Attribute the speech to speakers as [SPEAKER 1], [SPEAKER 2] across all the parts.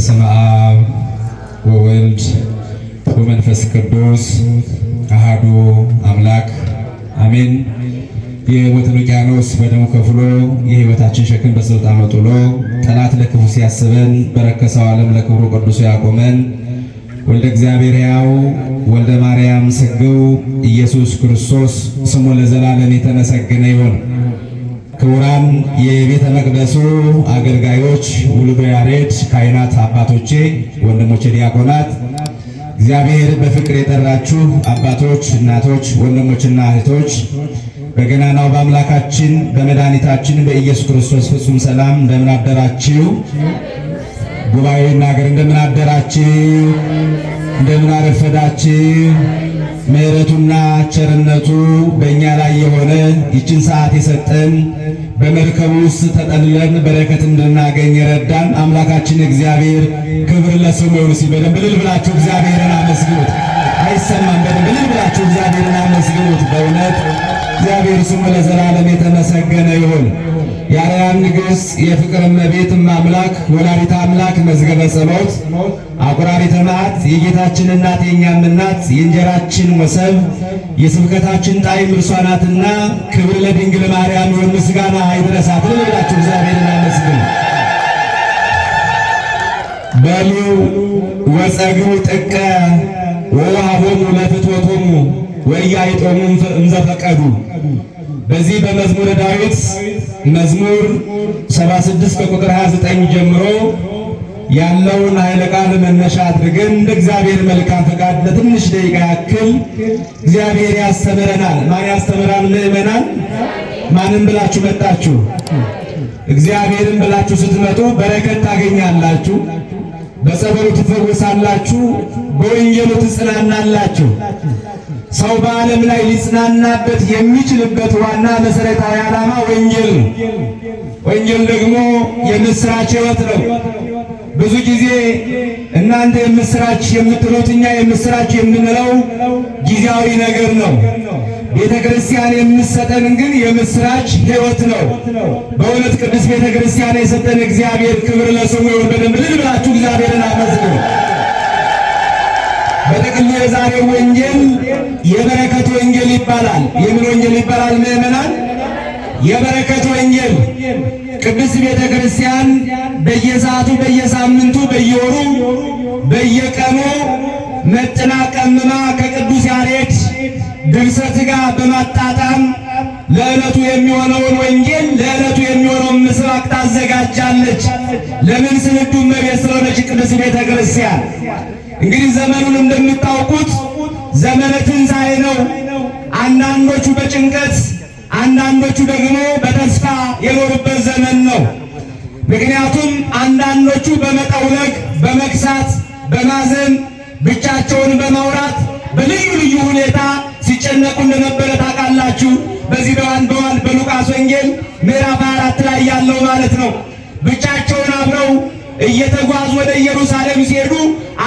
[SPEAKER 1] በስመ አብ ወወልድ ወመንፈስ ቅዱስ አሐዱ አምላክ አሜን። የሕይወትን ውቅያኖስ በደሙ ከፍሎ የሕይወታችን ሸክም በስልጣኑ ጥሎ ጠላት ለክፉ ሲያስበን በረከሰው ዓለም ለክብሩ ቅዱሱ ያቆመን ወልደ እግዚአብሔር ያው ወልደ ማርያም ስግው ኢየሱስ ክርስቶስ ስሙ ለዘላለም የተመሰገነ ይሆን። ክቡራን የቤተ መቅደሱ አገልጋዮች፣ ውሉበ ያሬድ ካህናት፣ አባቶቼ፣ ወንድሞቼ ዲያቆናት፣ እግዚአብሔር በፍቅር የጠራችሁ አባቶች፣ እናቶች፣ ወንድሞችና እህቶች በገናናው በአምላካችን በመድኃኒታችን በኢየሱስ ክርስቶስ ፍጹም ሰላም እንደምን አደራችሁ? ጉባኤና ሀገር እንደምን አደራችሁ? እንደምን አረፈዳችሁ? ምሕረቱና ቸርነቱ በእኛ ላይ የሆነ ይችን ሰዓት የሰጠን በመርከቡ ውስጥ ተጠልለን በረከት እንድናገኝ የረዳን አምላካችን እግዚአብሔር ክብር ለስሙ ይሁን። ሲል በደንብ ብላችሁ እግዚአብሔርን አመስግኑት። አይሰማም። በደንብ እልል ብላችሁ እግዚአብሔርን አመስግኑት። በእውነት እግዚአብሔር ስሙ ለዘላለም የተመሰገነ ይሁን። የአርያም ንግሥት የፍቅር እመቤት አምላክ ወላዲተ አምላክ መዝገበ ጸሎት አቁራሪተ መዓት የጌታችን እናት የእኛም እናት የእንጀራችን ወሰብ የስብከታችን ጣዕም እርሷ ናትና፣ ክብር ለድንግል ማርያም ይሁን፣ ምስጋና አይድረሳት። ልበላችሁ እግዚአብሔር እናመስግን። በሉ ወጸግቡ ጥቀ ወውሃቦሙ ለፍትወቶሙ ወኢያዕጦሙ እምዘፈቀዱ። በዚህ በመዝሙረ ዳዊት መዝሙር 76 ከቁጥር 29 ጀምሮ ያለውን ኃይለ ቃል መነሻ አድርገን እንደ እግዚአብሔር መልካም ፈቃድ ለትንሽ ደቂቃ ያክል እግዚአብሔር ያስተምረናል። ማን ያስተምራል? ምእመናን ማንም ብላችሁ መጣችሁ፣ እግዚአብሔርን ብላችሁ ስትመጡ በረከት ታገኛላችሁ፣ በጸበሉ ትፈወሳላችሁ፣ በወንጌሉ ትጽናናላችሁ። ሰው በዓለም ላይ ሊጽናናበት የሚችልበት ዋና መሰረታዊ ዓላማ ወንጌል ነው። ወንጌል ደግሞ የምስራች ሕይወት ነው። ብዙ ጊዜ እናንተ የምስራች የምትሉት እኛ የምስራች የምንለው ጊዜያዊ ነገር ነው። ቤተ ክርስቲያን የምሰጠን ግን የምስራች ሕይወት ነው። በእውነት ቅዱስ ቤተ ክርስቲያን የሰጠን እግዚአብሔር ክብር ለስሙ ይሁን። በደንብ ልል ብላችሁ እግዚአብሔርን አመስግኑ። በጥቅሉ የዛሬው ወንጌል የበረከት ወንጌል ይባላል። የምን ወንጌል ይባላል? ምእመናን የበረከት ወንጌል ቅዱስ ቤተ ክርስቲያን በየሰዓቱ፣ በየሳምንቱ፣ በየወሩ፣ በየቀኑ መጥና ቀምማ ከቅዱስ ያሬድ ድርሰት ጋር በማጣጣም ለዕለቱ የሚሆነውን ወንጌል ለዕለቱ የሚሆነውን ምስባክ ታዘጋጃለች። ለምን ስንዱ እመቤት ስለሆነች ቅዱስ ቤተ ክርስቲያን እንግዲህ ዘመኑን እንደምታውቁት ዘመነ ትንሣኤ ነው። አንዳንዶቹ በጭንቀት አንዳንዶቹ ደግሞ በተስፋ የኖሩበት ዘመን ነው። ምክንያቱም አንዳንዶቹ በመጠውለግ በመግሳት በማዘን ብቻቸውን በማውራት በልዩ ልዩ ሁኔታ ሲጨነቁ እንደነበረ ታውቃላችሁ። በዚህ በዋን በዋን በሉቃስ ወንጌል ምዕራፍ አራት ላይ ያለው ማለት ነው። ብቻቸውን አብረው እየተጓዙ ወደ ኢየሩሳሌም ሲሄዱ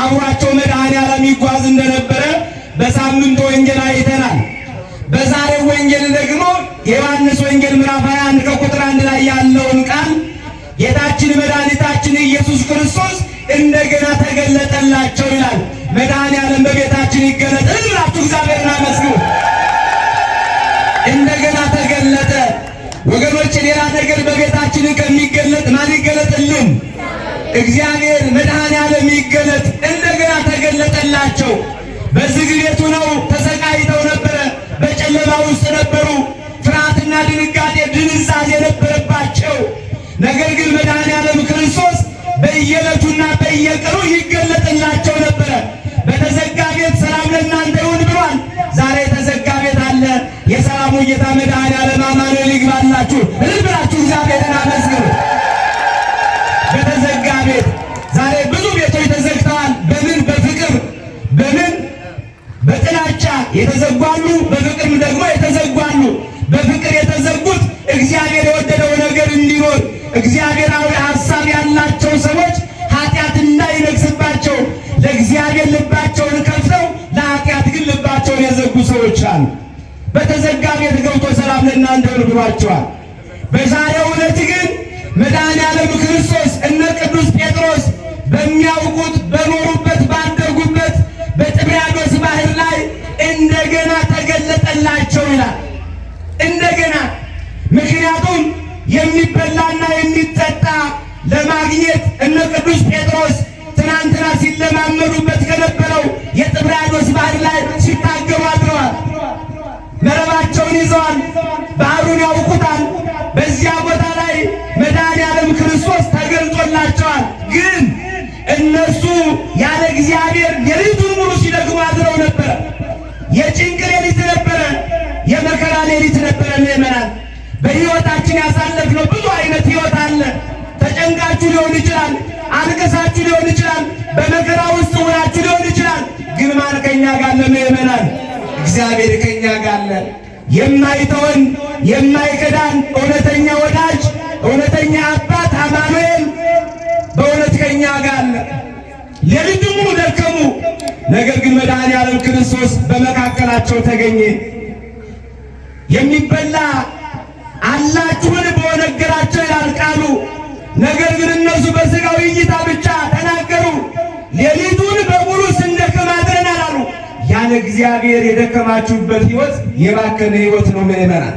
[SPEAKER 1] አብሯቸው መድኃኔዓለም ይጓዝ እንደነበረ በሳምንቱ ወንጌል አይተናል። በዛሬው ወንጌል ደግሞ የዮሐንስ ወንጌል ምዕራፍ 21 ከቁጥር አንድ ላይ ያለውን ቃል ጌታችን መድኃኒታችን ኢየሱስ ክርስቶስ እንደገና ተገለጠላቸው ይላል። መድኃኔዓለም በቤታችን ይገለጥ እላችሁ እግዚአብሔርን አመስግኑ። እንደገና ተገለጠ። ወገኖች ሌላ ነገር በቤታችን ከሚገለጥ ማን ይገለጥልን? እግዚአብሔር መድኃኔዓለም በዝግ ቤቱ ነው ተሰቃይተው ነበረ። በጨለማ ውስጥ ነበሩ። ፍርሃትና ድንጋጤ፣ ድንዛዜ የነበረባቸው ነገር ግን መድኃኔዓለም ክርስቶስ በየዕለቱና በየቀኑ ይገለጥላቸው ነበረ። በተዘጋ ቤት ሰላም ለእናንተ ይሁን ብሏል። ዛሬ የተዘጋ ቤት አለ። የሰላሙ ጌታ መድኃኔዓለም አማኑኤል ይግባላችሁ። እልል ብላችሁ እግዚአብሔርን አመስግኑ። የተዘጉ በፍቅር በፍቅርም ደግሞ የተዘጉ በፍቅር የተዘጉት እግዚአብሔር የወደደው ነገር እንዲኖር እግዚአብሔራዊ ሀሳብ ያላቸው ሰዎች ኃጢአት እንዳይነግስባቸው ለእግዚአብሔር ልባቸውን ከፍተው ለኃጢአት ግን ልባቸውን የዘጉ ሰዎች አሉ። በተዘጋ ቤት ገብቶ ሰላም ለእናንተ ይሁን ብሏቸዋል። በዛሬው ዕለት ግን መድኃኔዓለም ክርስቶስ እነ ቅዱስ ጴጥሮስ በሚያውቁት በኖሩበት ባደጉበት በጥብርያዶስ ባህር ላይ እንደገና ተገለጠላቸው ይላል። እንደገና ምክንያቱም የሚበላና የሚጠጣ ለማግኘት እነ ቅዱስ ጴጥሮስ ትናንትና ሲለማመዱበት ከነበረው የጥብርያዶስ ባህር ላይ ሲታገሩ አድረዋል። መረባቸውን ይዘዋል። ባህሩን ያውቁታል። በዚያ ቦታ ላይ መድኃኔዓለም ክርስቶስ ተገልጦላቸዋል። ግን እነሱ ያለ እግዚአብሔር የሪቱ የነበረ ምዕመናን በሕይወታችን ያሳለፍነው ብዙ አይነት ህይወት አለ። ተጨንቃችሁ ሊሆን ይችላል፣ አንቀሳችሁ ሊሆን ይችላል፣ በመከራ ውስጥ ሆናችሁ ሊሆን ይችላል። ግን ማን ከእኛ ጋር አለ? ምዕመናን እግዚአብሔር ከእኛ ጋር አለ። የማይተወን የማይከዳን እውነተኛ ወዳጅ እውነተኛ አባት አማኑኤል በእውነት ከእኛ ጋር አለ። ሌሊቱን ሙሉ ደከሙ፣ ነገር ግን መድኃኔ ክርስቶስ በመካከላቸው ተገኘ። የሚበላ አላችሁን በወነገራቸው ይላል ቃሉ። ነገር ግን እነሱ በሥጋዊ እይታ ብቻ ተናገሩ። ሌሊቱን በሙሉ ስንደክም አድረናል አሉ። እግዚአብሔር የደከማችሁበት ሕይወት የባከነ ሕይወት ነው። ምእመናን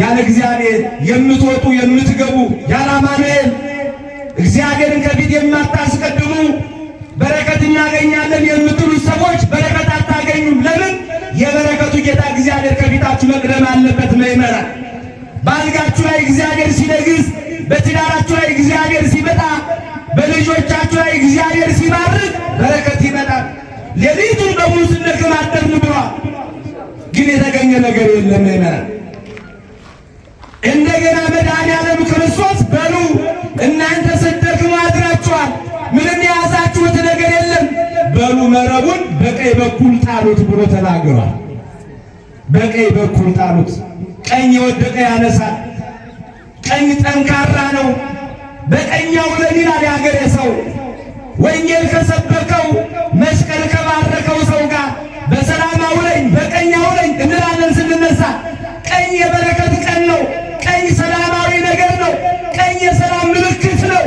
[SPEAKER 1] ያን እግዚአብሔር የምትወጡ የምትገቡ፣ ያለ እግዚአብሔርን ከፊት የማታስቀድሙ በረከት እናገኛለን የምትሉ ሰዎች እግዚአብሔር ሲነግስ፣ በትዳራችሁ ላይ እግዚአብሔር ሲመጣ፣ በልጆቻችሁ ላይ እግዚአብሔር ሲባርክ በረከት ይመጣል። ሌሊቱን በሙሉ ስንደክም አደርን ብሏል። ግን የተገኘ ነገር የለም ይመራል። እንደገና መድኃኔዓለም ክርስቶስ በሉ እናንተ ስትደክሙ አድራችኋል፣ ምንም የያዛችሁት ነገር የለም፣ በሉ መረቡን በቀኝ በኩል ጣሉት ብሎ ተናግሯል። በቀኝ በኩል ጣሉት። ቀኝ የወደቀ ያነሳል። ቀኝ ጠንካራ ነው። በቀኛው ለሚላ ያገሬ ሰው ወንጌል ከሰበከው መስቀል ከባረከው ሰው ጋር በሰላም አውለኝ በቀኝ አውለኝ እንላለን ስንነሳ። ቀኝ የበረከት ቀን ነው። ቀኝ ሰላማዊ ነገር ነው። ቀኝ የሰላም ምልክት ነው።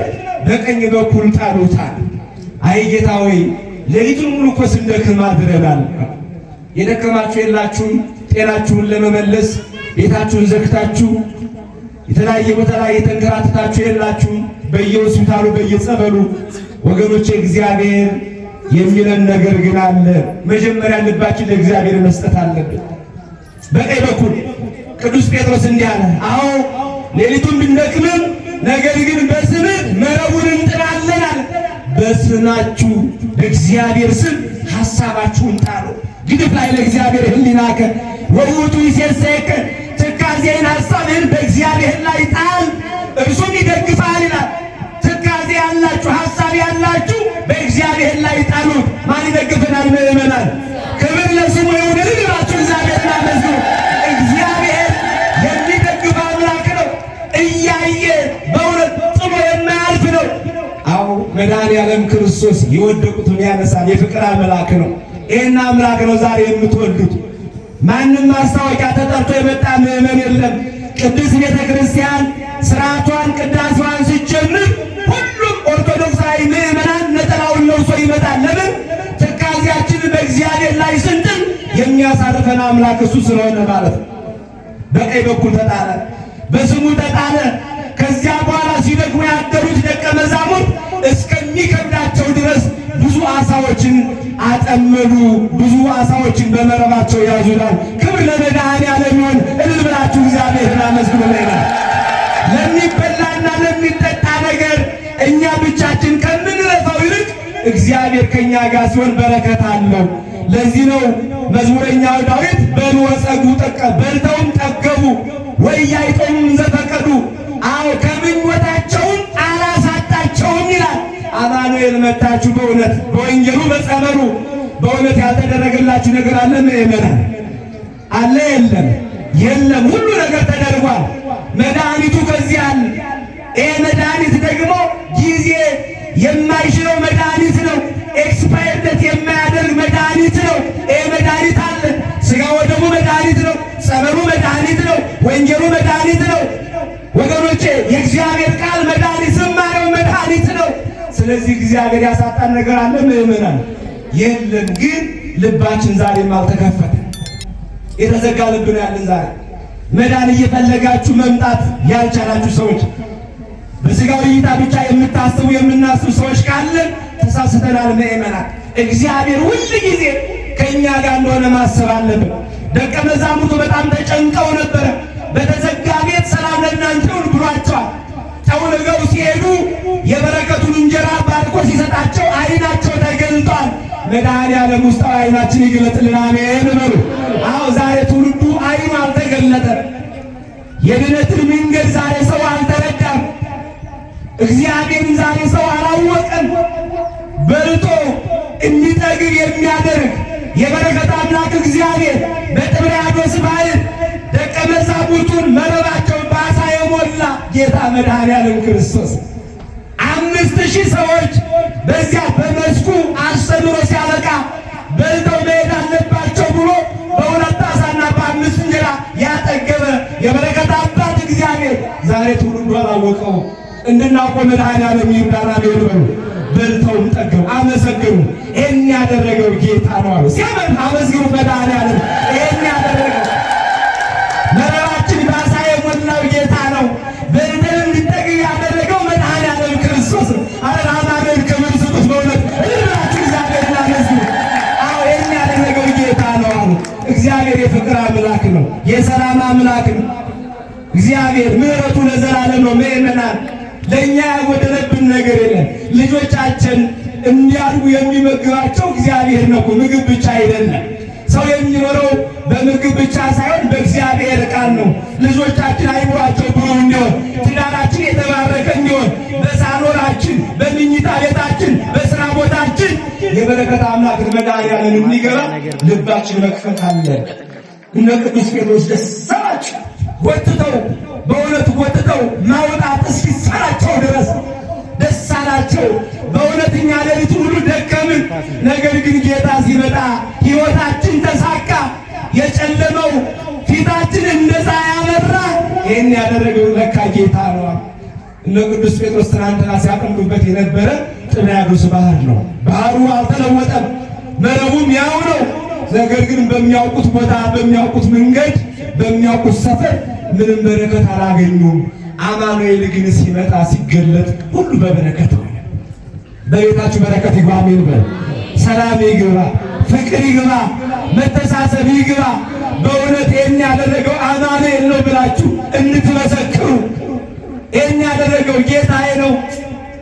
[SPEAKER 1] በቀኝ በኩል ጣሉታል። አይ ጌታ ሆይ ሌሊቱን ሙሉ እኮ ስንደክም አድረናል። የደከማችሁ የላችሁም? ጤናችሁን ለመመለስ ቤታችሁን ዘግታችሁ የተለያየ ቦታ ላይ የተንከራተታችሁ የላችሁም? በየሆስፒታሉ በየጸበሉ ወገኖች፣ እግዚአብሔር የሚለን ነገር ግን አለ። መጀመሪያ ልባችን ለእግዚአብሔር መስጠት አለብን። በቀኝ በኩል ቅዱስ ጴጥሮስ እንዲህ አለ፣ አዎ ሌሊቱን ብንደክምም ነገር ግን በስም መረቡን እንጥላለን አለ። በስማችሁ በእግዚአብሔር ስም ሐሳባችሁን ጣሉ። ግድፍ ላይ ለእግዚአብሔር ህሊናከ ወውቱ ይሴሰከ ትካዜን ሀሳብህን በእግዚአብሔር ላይ ጣል፣ እርሱም ይደግፋል ይላል። ትካዜ ያላችሁ ሀሳብ ያላችሁ በእግዚአብሔር ላይ ጣሉት። ማን ይደግፈናል? ምእመናን፣ ክብር ለስሙ ይሁን። ልባችሁ እግዚአብሔር ናመዝኑ። እግዚአብሔር የሚደግፍ አምላክ ነው። እያየ በእውነት ጥሎ የማያልፍ ነው። አዎ መድኃኔዓለም ክርስቶስ የወደቁትን ያነሳል። የፍቅር አምላክ ነው። ይህን አምላክ ነው ዛሬ የምትወዱት ማንም ማስታወቂያ ተጠርቶ የመጣ ምዕመን የለም። ቅዱስ ቤተ ክርስቲያን ስርዓቷን ቅዳሴዋን ሲጀምር ሁሉም ኦርቶዶክሳዊ ምዕመናን ነጠላውን ለብሶ ይመጣል። ለምን? ትካዜያችንን በእግዚአብሔር ላይ ስንጥል የሚያሳርፈን አምላክ እሱ ስለሆነ ማለት ነው። በቀኝ በኩል ተጣለ፣ በስሙ ተጣለ። ከዚያ በኋላ ሲደግሞ ያደሩት ደቀ መዛሙርት እስከሚከብዳቸው ድረስ ብዙ አሳዎችን አጠመዱ። ብዙ አሳዎችን በመረባቸው ያዙ ይላል። ክብር ለመድኃኔዓለም ይሁን። እልል ብላችሁ እግዚአብሔርን አመስግኑ። ላይና ለሚበላና ለሚጠጣ ነገር እኛ ብቻችን ከምንለፋው ይልቅ እግዚአብሔር ከእኛ ጋር ሲሆን በረከት አለው። ለዚህ ነው መዝሙረኛው ዳዊት በሉ ወጸጉ ጠቀ በልተውም ጠገቡ ወያይጦም ዘፈቀዱ አዎ ከምኞታቸው አማኑኤል መታችሁ። በእውነት በወንጌሉ በጸበሉ በእውነት ያልተደረገላችሁ ነገር አለ? ምእመናን አለ? የለም የለም። ሁሉ ነገር ተደርጓል። መድኃኒቱ ከዚህ አለ። ይሄ መድኃኒት ደግሞ ጊዜ የማይሽረው መድኃኒት ነው። ኤክስፓየርነት የማያደርግ መድኃኒት ነው። ይሄ መድኃኒት አለ። ስጋ ወደሙ መድኃኒት ነው። ጸበሉ መድኃኒት ነው። ወንጌሉ መድኃኒት ነው። ወገኖቼ የእግዚአብሔር ቃል መድኃኒት ስለዚህ እግዚአብሔር ያሳጣን ነገር አለ ምእመናን የለም። ግን ልባችን ዛሬም አልተከፈተ የተዘጋ ልብ ነው ያለን። ዛሬ መዳን እየፈለጋችሁ መምጣት ያልቻላችሁ ሰዎች በስጋዊ እይታ ብቻ የምታስቡ የምናስቡ ሰዎች ካለን ተሳስተናል ምእመናን። እግዚአብሔር ሁል ጊዜ ከእኛ ጋር እንደሆነ ማሰብ አለብን። ደቀ መዛሙርቱ በጣም ተጨንቀው ነበረ። በተዘጋ ቤት ሰላም ለእናንተ ይሁን ብሏቸው ተውልገው ሲሄዱ የበረከቱን እንጀራ ባርኮ ሲሰጣቸው አይናቸው ተገልጧል። መድኃኒዓለም ውስጣዊ አይናችን ይግለጥልን። አሜን በሉ። አዎ ዛሬ ትውልዱ አይኑ አልተገለጠም። የድነትን መንገድ ዛሬ ሰው አልተረዳም። እግዚአብሔርን ዛሬ ሰው አላወቀም። በልጦ እንዲጠግብ የሚያደርግ የበረከት አምላክ እግዚአብሔር በጥብርያዶስ ባሕር ደቀ መዛሙርቱን መረባ ሞላ ጌታ መድኃኔዓለም ክርስቶስ። አምስት ሺህ ሰዎች በዚያ በመስኩ አስተምሮ ሲያበቃ በልተው መሄድ አለባቸው ብሎ በሁለት አሳና በአምስት እንጀራ ያጠገበ የበረከት አባት እግዚአብሔር ዛሬ ትውልዱ አላወቀው። እንድናውቀው መድኃኔዓለም ይርዳና ቤሉ በልተውም ጠገቡ፣ አመሰገኑ። ይህን ያደረገው ጌታ ነው አሉ። ሲያመን አመስግኑ መድኃኔዓለም ይህን ያደረ አምላክ ነው። የሰላም አምላክ ነው እግዚአብሔር። ምሕረቱ ለዘላለም ነው። ምእመናን ለእኛ ያጎደለብን ነገር የለም። ልጆቻችን እንዲያድጉ የሚመግባቸው እግዚአብሔር ነው። ምግብ ብቻ አይደለም። ሰው የሚኖረው በምግብ ብቻ ሳይሆን በእግዚአብሔር ቃል ነው። ልጆቻችን አይምሯቸው ብሩ እንዲሆን፣ ትዳራችን የተባረከ እንዲሆን፣ በሳሎናችን፣ በምኝታ ቤታችን፣ በስራ ቦታችን የበረከት አምላክን መድኃኒዓለምን እንዲገባ ልባችን መክፈት አለን። እነ ቅዱስ ጴጥሮስ ደስ አላቸው። ወጥተው በእውነት ወጥተው ማውጣት እስኪሳላቸው ድረስ ደስ አላቸው። በእውነተኛ ሌሊቱ ሁሉ ደከምን፣ ነገር ግን ጌታ ሲመጣ ሕይወታችን ተሳካ። የጨለመው ፊታችን እንደዛ ያበራ። ይህን ያደረገው ለካ ጌታ ነው። እነ ቅዱስ ጴጥሮስ ትናንትና ሲያጠምዱበት የነበረ ጥብርያዶስ ባህር ነው። ባህሩ አልተለወጠም፣ መረቡም ያው ነው። ነገር ግን በሚያውቁት ቦታ፣ በሚያውቁት መንገድ፣ በሚያውቁት ሰፈር ምንም በረከት አላገኙም። አማኑኤል ግን ሲመጣ ሲገለጥ ሁሉ በበረከት ሆነ። በቤታችሁ በረከት ይግባ። አሜን በል። ሰላም ይግባ፣ ፍቅር ይግባ፣ መተሳሰብ ይግባ። በእውነት ይህን ያደረገው አማኑኤል ነው ብላችሁ እንትመሰክሩ። ይህን ያደረገው ጌታዬ ነው።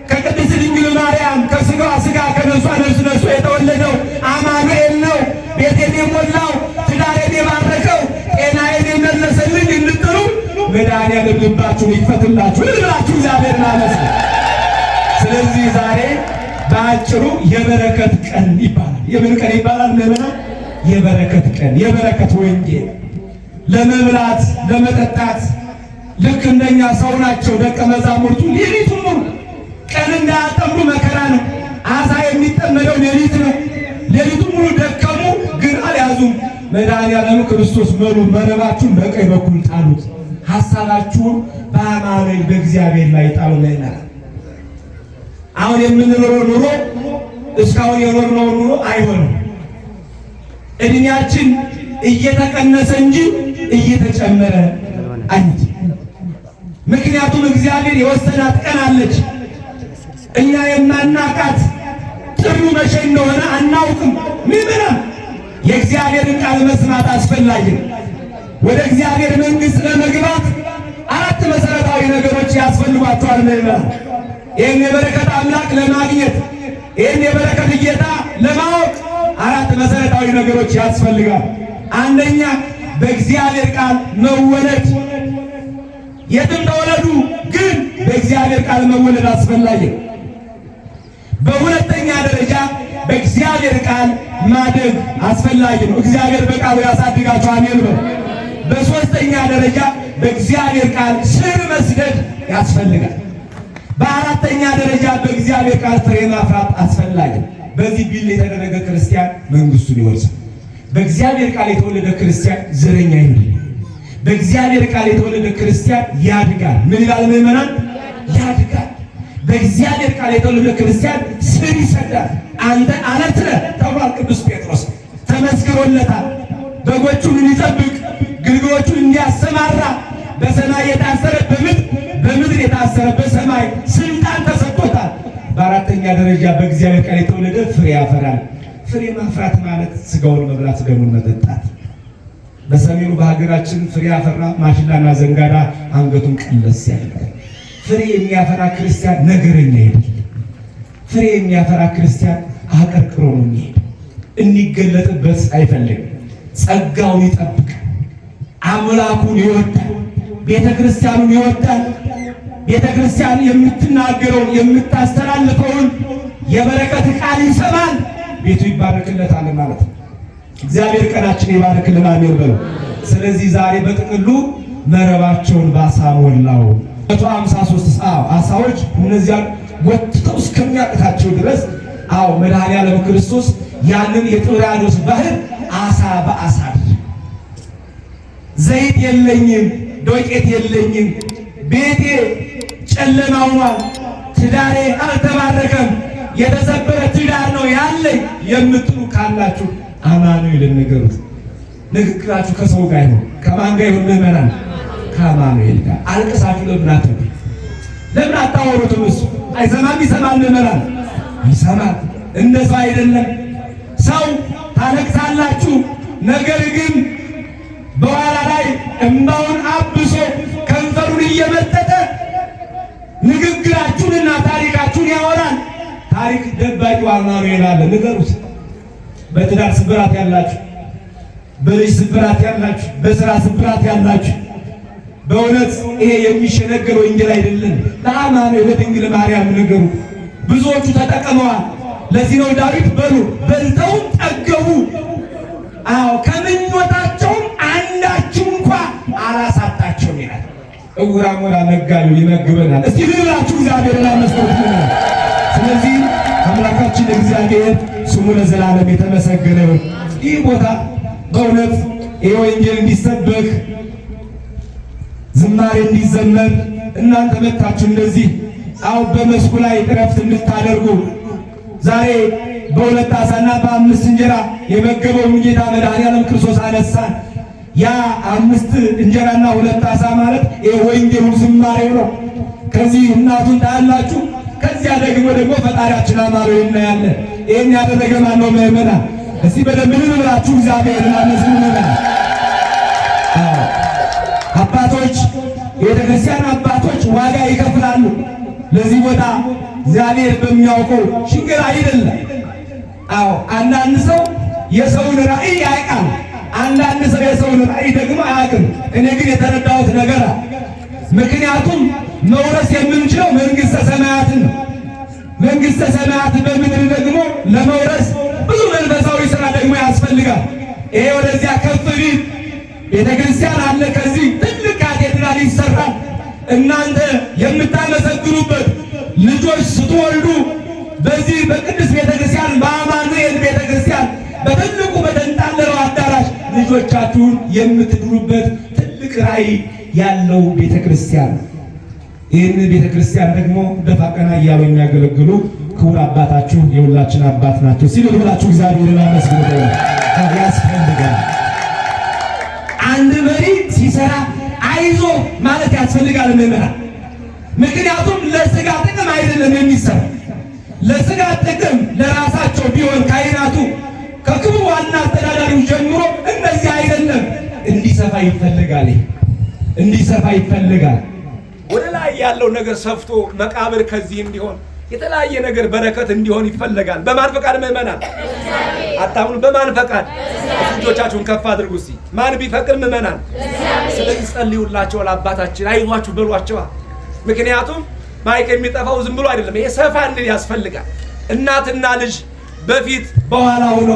[SPEAKER 1] ከቅድስት ድንግል ማርያም ከሥጋዋ ስጋ ከነሷ ነፍስ ነሱ የተወለደው አማኑኤል ቤቴን የሞላው ትዳሬን የባረከው ጤናዬን የመለሰልኝ እንጥሉ መድኃኒዓለም ልባችሁን ይክፈትላችሁ ልላችሁ እግዚአብሔር ማለት ስለዚህ ዛሬ በአጭሩ የበረከት ቀን ይባላል። የምን ቀን ይባላል? ለምና የበረከት ቀን የበረከት ወንጌል ለመብላት ለመጠጣት ልክ እንደኛ ሰው ናቸው ደቀ መዛሙርቱ። ሌሊቱ ሙሉ ቀን እንዳያጠምዱ መከራ ነው። አሳ የሚጠመደው ሌሊት ነው። ሌሊቱ ሙሉ ደቀ ምክንያቱም መድኃኒዓለም ክርስቶስ መሉ መረባችሁን በቀኝ በኩል ጣሉት፣ ሐሳባችሁን በአማኑኤል በእግዚአብሔር ላይ ጣሉ ላይ ይላል። አሁን የምንኖረው ኑሮ እስካሁን የኖርነው ኑሮ አይሆንም። እድሜያችን እየተቀነሰ እንጂ እየተጨመረ አይት ምክንያቱም እግዚአብሔር የወሰናት ቀን አለች። እኛ የማናቃት ጥሩ መቼ እንደሆነ አናውቅም ምንም የእግዚአብሔርን ቃል መስማት አስፈላጊ ነው። ወደ እግዚአብሔር መንግሥት ለመግባት አራት መሠረታዊ ነገሮች ያስፈልጓቸዋል። ምዕመናን ይህን የበረከት አምላክ ለማግኘት ይህን የበረከት ጌታ ለማወቅ አራት መሠረታዊ ነገሮች ያስፈልጋል። አንደኛ በእግዚአብሔር ቃል መወለድ። የትም ተወለዱ፣ ግን በእግዚአብሔር ቃል መወለድ አስፈላጊ። በሁለተኛ ደረጃ በእግዚአብሔር ቃል ማደግ አስፈላጊ ነው። እግዚአብሔር በቃሉ ያሳድጋችሁ። አሜን ነው። በሶስተኛ ደረጃ በእግዚአብሔር ቃል ስር መስደድ ያስፈልጋል። በአራተኛ ደረጃ በእግዚአብሔር ቃል ፍሬ ማፍራት አስፈላጊ ነው። በዚህ ቢል የተደረገ ክርስቲያን መንግስቱን ይወርሳል። በእግዚአብሔር ቃል የተወለደ ክርስቲያን ዘረኛ አይሆንም። በእግዚአብሔር ቃል የተወለደ ክርስቲያን ያድጋል። ምን ይላል ምዕመናን? ያድጋል። በእግዚአብሔር ቃል የተወለደ ክርስቲያን ምስጢር ይሰዳል። አንተ አለት ነህ ተብሏል። ቅዱስ ጴጥሮስ ተመስክሮለታል። በጎቹን እንዲጠብቅ ግልገሎቹን እንዲያሰማራ በሰማይ የታሰረ በምድር በምድር የታሰረ በሰማይ ስልጣን ተሰጥቶታል። በአራተኛ ደረጃ በእግዚአብሔር ቃል የተወለደ ፍሬ ያፈራል። ፍሬ ማፍራት ማለት ስጋውን መብላት፣ ደሙን መጠጣት። በሰሜኑ በሀገራችን ፍሬ ያፈራ ማሽላና ዘንጋዳ አንገቱን ቀለስ ያደርጋል። ፍሬ የሚያፈራ ክርስቲያን ነገረኛ ይሄዳል። ፍሬ የሚያፈራ ክርስቲያን አቀርቅሮ ነው የሚሄድ። እንዲገለጥበት አይፈልግም። ጸጋው ይጠብቅ። አምላኩን ይወዳል። ቤተ ክርስቲያኑን ይወዳል። ቤተ ክርስቲያን የምትናገረውን የምታስተላልፈውን የበረከት ቃል ይሰማል። ቤቱ ይባረክለታል ማለት ነው። እግዚአብሔር ቀናችን ይባርክልን። አሜን በሉ። ስለዚህ ዛሬ በጥቅሉ መረባቸውን ባሳ ሞላው 153 አሳዎች እነዚያን ወጥተው እስከሚያቅታቸው ድረስ አዎ መድኃኒዓለም ክርስቶስ ያንን የጥብርያዶስ ባህር አሳ በአሳ ዘይት የለኝም፣ ዶቄት የለኝም፣ ቤቴ ጨለማ ሆኗል፣ ትዳሬ አልተባረከም፣ የተሰበረ ትዳር ነው ያለኝ የምትሉ ካላችሁ አማኑኤልን ንገሩት። ንግግራችሁ ከሰው ጋር ይሁን ከማን ጋር ይሁን? ምዕመናን ከአማኑኤል ጋር አልቀሳችሁ ለምን አትሉ? ለምን አታወሩትም? እሱ አይሰማም? ይሰማል። ምዕመናን ይሰማል። እንደሱ አይደለም። ሰው ታለቅሳላችሁ፣ ነገር ግን በኋላ ላይ እምባውን አብሶ ከንፈሩን እየመጠጠ ንግግራችሁንና ታሪካችሁን ያወራል። ታሪክ ደባቂ ዋና ነው ይላል። ንገሩት። በትዳር ስብራት ያላችሁ፣ በልጅ ስብራት ያላችሁ፣ በስራ ስብራት ያላችሁ በእውነት ይሄ የሚሸነገር ወንጌል አይደለም። ለአማኑኤል ለድንግል ማርያም ነገሩ ብዙዎቹ ተጠቅመዋል። ለዚህ ነው ዳዊት በሉ በልተውም ጠገቡ። አዎ ከምኞታቸውም አንዳችሁ እንኳ አላሳጣቸውም ይላል። እውራ ሞራ መጋቢ ይመግበናል። እስቲ ልላችሁ እግዚአብሔርን አመስግኑት። ስለዚህ አምላካችን እግዚአብሔር ስሙ ለዘላለም የተመሰገነ ይሁን። ይህ ቦታ በእውነት ይህ ወንጌል እንዲሰበክ ዝማሬ እንዲዘመር እናንተ መታችሁ እንደዚህ አው በመስኩ ላይ እረፍት እንድታደርጉ ዛሬ በሁለት አሳና በአምስት እንጀራ የመገበውን ጌታ መድኃኒዓለም ክርስቶስ አነሳን። ያ አምስት እንጀራና ሁለት አሳ ማለት የወንጌሉ ዝማሬ ነው። ከዚህ እናቱን ታያላችሁ። ከዚያ ደግሞ ደግሞ ፈጣሪያችን አማሮ ይናያለ። ይህን ያደረገ ማነው? ምእመናን እስቲ በደንብ ልብላችሁ እግዚአብሔር ማመስሉ ምእመናን አባቶች፣ የቤተክርስቲያን አባቶች ዋጋ ይከፍላሉ። ለዚህ ቦታ እግዚአብሔር በሚያውቀው ችግር አይደለም። አዎ አንዳንድ ሰው የሰውን ራዕይ ያውቃል፣ አንዳንድ ሰው የሰውን ራዕይ ደግሞ አያውቅም። እኔ ግን የተረዳሁት ነገር ምክንያቱም መውረስ የምንችለው መንግስተ ሰማያትን ነው። መንግስተ ሰማያት በምድር ደግሞ ለመውረስ ብዙ መንፈሳዊ ስራ ደግሞ ያስፈልጋል። ይሄ ወደዚያ ከፍ ቢል ቤተክርስቲያን አለ ከዚህ ይሰራል። እናንተ የምታመሰግኑበት ልጆች ስትወልዱ በዚህ በቅዱስ ቤተክርስቲያን በአማኑኤል ቤተክርስቲያን በትልቁ በተንጣለለው አዳራሽ ልጆቻችሁን የምትድሩበት ትልቅ ራእይ ያለው ቤተክርስቲያን። ይህን ቤተክርስቲያን ደግሞ ደፋ እያሉ የሚያገለግሉ ክቡር አባታችሁ የሁላችን አባት ናቸው ሲሉ ሁላችሁ እግዚአብሔርን አመስግኑ ያስፈልጋል። አንድ መሪ ሲሰራ ያስፈልጋል መምህራን። ምክንያቱም ለስጋ ጥቅም አይደለም የሚሰራ ለስጋ ጥቅም ለራሳቸው ቢሆን ካይናቱ ከክቡ ዋና አስተዳዳሪው ጀምሮ እንደዚህ አይደለም። እንዲሰፋ ይፈልጋል፣ እንዲሰፋ ይፈልጋል። ወደ ላይ ያለው ነገር ሰፍቶ መቃብር የተለያየ ነገር በረከት እንዲሆን ይፈለጋል። በማን ፈቃድ ምዕመናን? አታምኑ? በማን ፈቃድ? እጆቻችሁን ከፍ አድርጉ እስኪ። ማን ቢፈቅድ ምዕመናን? ስለዚህ ጸልዩላቸው ለአባታችን፣ አይዟችሁ በሏቸዋ። ምክንያቱም ማይክ የሚጠፋው ዝም ብሎ አይደለም። ይሄ ሰፋ እንድል ያስፈልጋል። እናትና ልጅ በፊት በኋላ ሆኖ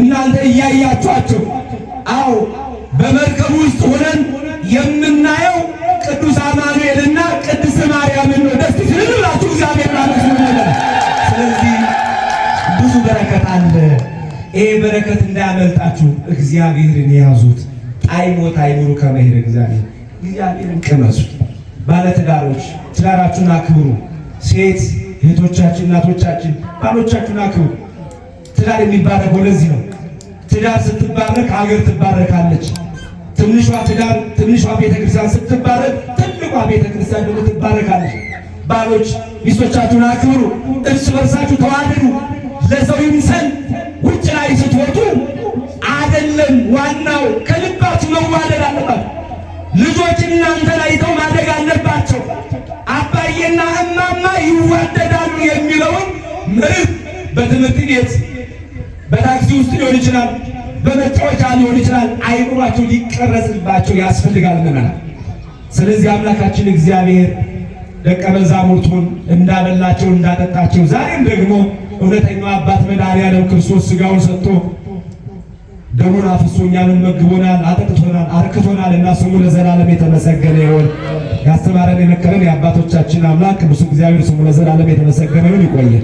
[SPEAKER 1] እናንተ እያያችኋቸው፣ አዎ በመርከብ ውስጥ ሆነን የምናየው ቅዱስ አማኑኤልና ቅድስት ማርያምን ነው። ደስ ይላችሁ እግዚአብሔር ይሄ በረከት እንዳያመልጣችሁ እግዚአብሔርን የያዙት ጣዕሞ ታዕምሩ ከመ እግዚአብሔር እግዚአብሔርን ቅመሱት። ባለትዳሮች ትዳራችሁን አክብሩ። ሴት እህቶቻችን፣ እናቶቻችን ባሎቻችሁን አክብሩ። ትዳር የሚባረክ ወደዚህ ነው። ትዳር ስትባረክ ሀገር ትባረካለች። ትንሿ ትዳር ትንሿ ቤተክርስቲያን ስትባረክ ትልቋ ቤተክርስቲያን ደግሞ ትባረካለች። ባሎች ሚስቶቻችሁን አክብሩ። እርስ በርሳችሁ ተዋደዱ። ለሰው ይምሰል ውጭ ላይ ስትወጡ አይደለም ዋናው ከልባችሁ መዋደድ አለባት። ልጆች እናንተ ላይ ተው ማደግ አለባቸው። አባዬና እማማ ይዋደዳሉ የሚለውን ምርት በትምህርት ቤት በታክሲ ውስጥ ሊሆን ይችላል፣ በመጫወቻ ሊሆን ይችላል። አይምሯቸው ሊቀረጽባቸው ያስፈልጋል ምናል። ስለዚህ አምላካችን እግዚአብሔር ደቀ መዛሙርቱን እንዳበላቸው እንዳጠጣቸው ዛሬም ደግሞ እውነተኛው አባት መድኃኒዓለም ክርስቶስ ስጋውን ሰጥቶ ደሙን አፍሶኛል፣ መግቦናል፣ አጠጥቶናል፣ አርክቶናል እና ስሙ ለዘላለም የተመሰገነ ይሁን። ያስተማረን የመከረን የአባቶቻችን አምላክ ቅዱስ እግዚአብሔር ስሙ ለዘላለም የተመሰገነ ይሁን። ይቆያል።